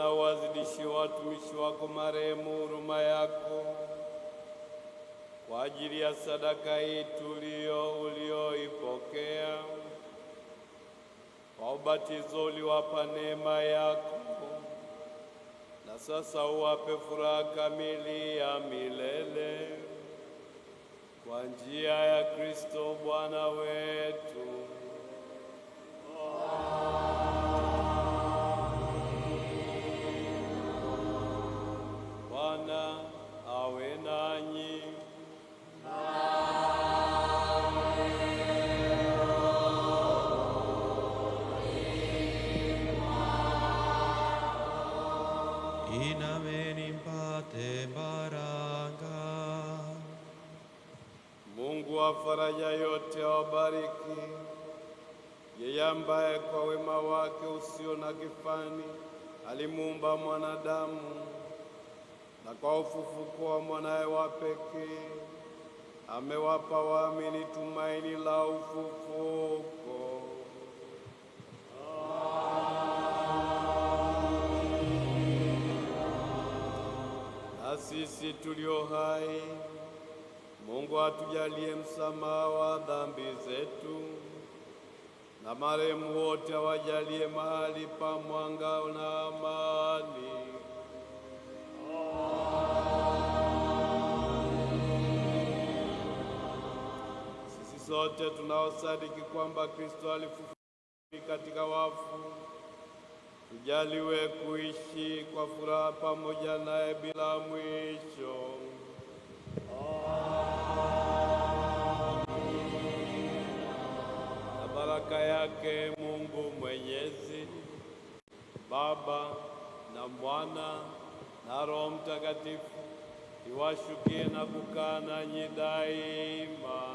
na uwazidishie watumishi wako marehemu huruma yako kwa ajili ya sadaka hii tulio ulioipokea kwa ubatizo uliwapa neema yako, na sasa uwape furaha kamili ya milele kwa njia ya Kristo Bwana wetu. in avenim patem baraka. Mungu wa faraja yote awabariki, yeye ambaye kwa wema wake usio na kifani alimuumba mwanadamu na kwa ufufuko wa mwanaye wa pekee amewapa waamini tumaini la ufufuko. sisi tulio hai, Mungu atujalie msamaha wa dhambi zetu, na marehemu wote awajalie mahali pa mwanga na amani. Sisi sote tunaosadiki kwamba Kristo alifufuka katika wafu Tujaliwe kuishi kwa furaha pamoja naye bila mwisho. Amina. Na baraka yake Mungu Mwenyezi, Baba na Mwana na Roho Mtakatifu iwashukie na kukaa nanyi daima.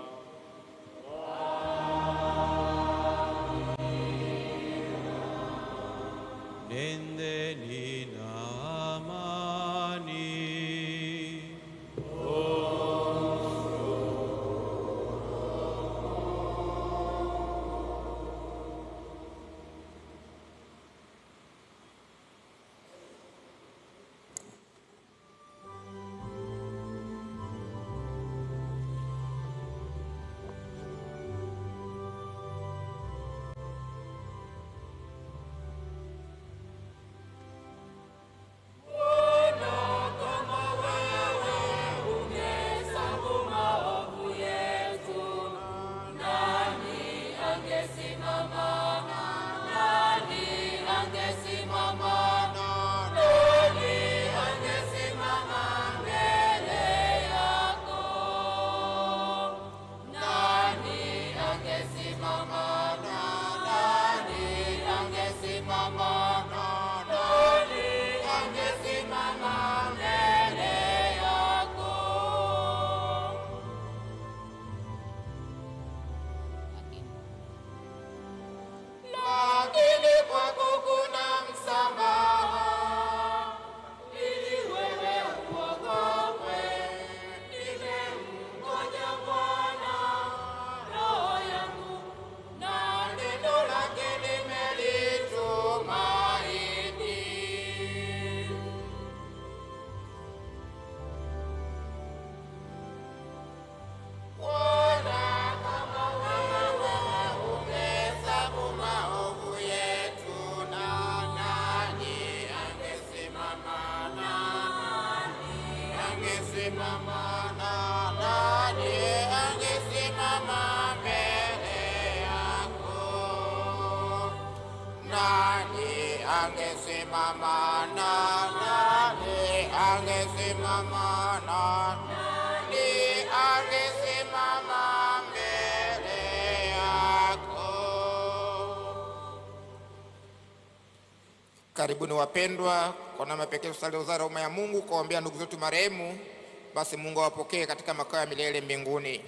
angesimama na nani angesimama mbele yako? Nani angesimama na nani angesimama na nani angesimama mbele yako? Karibuni wapendwa, kwa namna pekee ustali wa Wizara ya ya Mungu kuwaombea ndugu zetu marehemu basi Mungu awapokee katika makao ya milele mbinguni.